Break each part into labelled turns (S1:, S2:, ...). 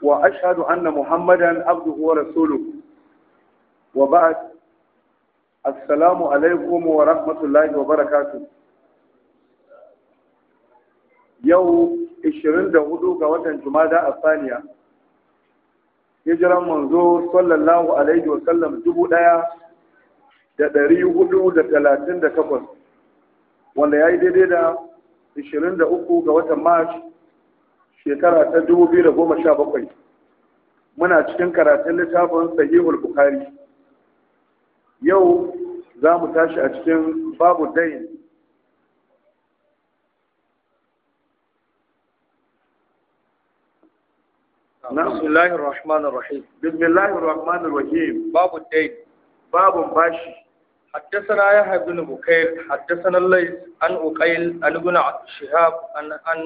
S1: Wa Muhammadan وأشهد أن محمدا عبده ورسوله وبعد السلام wa ورحمة الله وبركاته يوم 24 ga watan Jumada a Saniya hijiran manzo sallallahu alaihi wa sallam dubu ɗaya da dari hudu da talatin da takwas wanda ya yi daidai da 23 ga watan Mac shekara ta dubu biyu da goma sha bakwai muna cikin karatun littafin sahihul bukhari yau za mu tashi a cikin babu dain بسم الله rahim. الرحيم بسم الله الرحمن الرحيم باب الدين حدثنا يحيى بن بكير حدثنا الليث عن أقيل عن ابن شهاب عن عن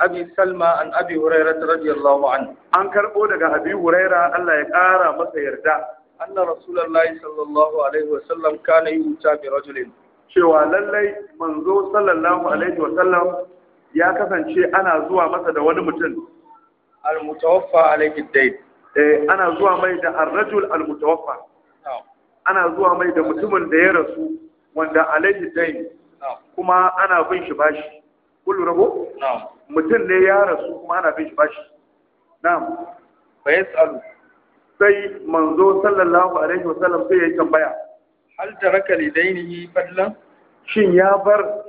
S1: أبي سلمى عن أبي هريرة رضي الله عنه عن كربو دغ أبي هريرة الله يقارى مسا يردا أن رسول الله صلى الله عليه وسلم كان يؤتى برجل cewa lallai manzo sallallahu alaihi wa sallam ya kasance ana zuwa masa da wani mutum al-mutawaffa alaihi dayn eh ana zuwa mai da ar-rajul al-mutawaffa ana zuwa mai da mutumin da ya rasu wanda alaihi dai kuma ana bin shi bashi kullu rabo mutum ne ya rasu kuma ana bin shi bashi na'am fa yasalu sai manzo sallallahu alaihi wasallam sai ya tambaya hal taraka lidainihi fadlan shin ya bar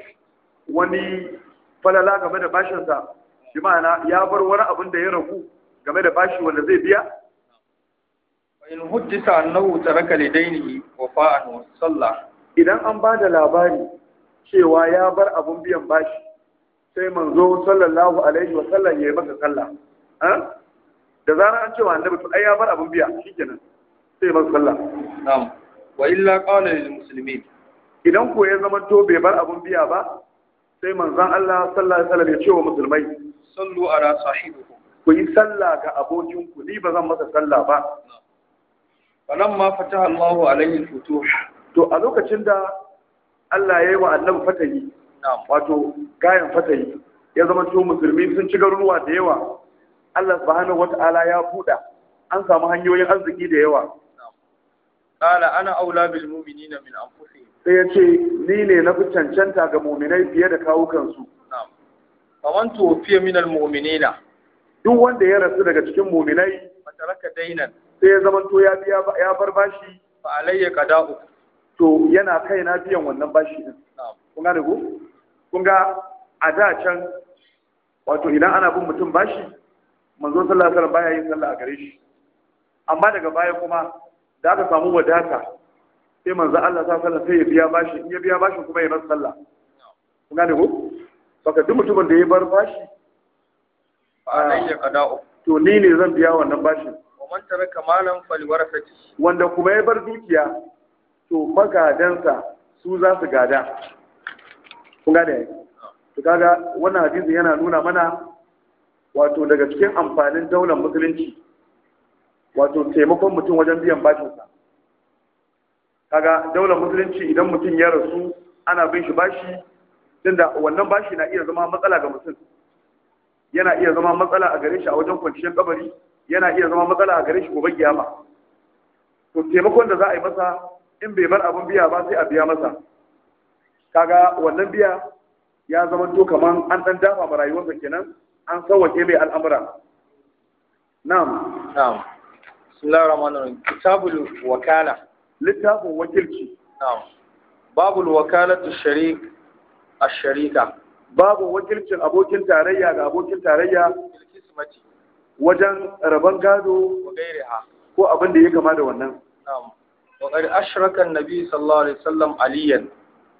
S1: wani falala game da bashinsa shi ma'ana ya bar wani abin da ya ragu game da bashi wanda zai biya in hujjita annahu taraka lidainihi wafa'an wa salla idan an ba da labari cewa ya bar abun biyan bashi sai manzo sallallahu alaihi wa sallam ya yi masa ha da zarar an ce wa annabi to ai ya bar abun biya shikenan sai ya masa sallah na'am wa illa qala lil muslimin idan ko ya zama to bai bar abun biya ba sai manzon Allah sallallahu alaihi wasallam ya ce wa musulmai sallu ala sahibikum ku yi sallah ga abokin ku, ni ba zan masa sallah ba falamma fataha Allah alayhi al-futuh to a lokacin da Allah ya yi wa annabi fatahi wato gayan fatahi ya zama to musulmi sun ci garuruwa da yawa Allah subhanahu wata'ala ya buɗa an samu hanyoyin arziki da yawa qala ana aula bil mu'minina min anfusihim sai ce ni ne na fi cancanta ga mu'minai fiye da kawukan su na'am fa man tuwfiya min al mu'minina duk wanda ya rasu daga cikin mu'minai mataraka dainan sai ya zama to ya biya ya bar bashi fa alayya qada'u to yana kai na biyan wannan bashi din kun gane ko kun ga a da can wato idan ana bin mutum bashi manzo sallallahu alaihi wasallam baya yin sallah a gare shi amma daga baya kuma da aka samu wadata sai manzo Allah ta sallah sai ya biya bashi in ya biya bashi kuma ya bar sallah kun gane ko baka duk mutumin da ya bar bashi alayya qada'u to ni ne zan biya wannan bashin man taraka malan faliwarasati wanda kuma ya bar dukiya to magadansa su za su gada kun gane to kaga wannan hadisi yana nuna mana wato daga cikin amfanin daular musulunci wato taimakon mutum wajen biyan bashinsa kaga daular musulunci idan mutum ya rasu ana bin shi bashi tunda wannan bashi na iya zama matsala ga mutum yana iya zama matsala a gare shi a wajen kwanciyar kabari yana iya zama matsala a gare shi gobe kiyama to taimakon da za a yi masa in bai bar abin biya ba sai a biya masa kaga wannan biya ya zama to kaman an dan dafa ma rayuwarsa kenan an sauwake mai al'amura na'am na'am bismillahir rahmanir rahim kitabul wakala littafin wakilci na'am babul wakalatu shariq ash-sharika babu wakilcin abokin tarayya ga abokin tarayya wajen rabon gado ko abin da ya gama da wannan wakari ashirakan nabi sallallahu alaihi wasallam aliyan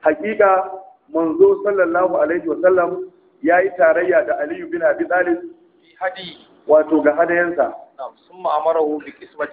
S1: hakika manzo sallallahu alaihi wasallam ya yi tarayya da aliyu bin abi talib wato ga hadayensa sun ma'amara hu bi kismati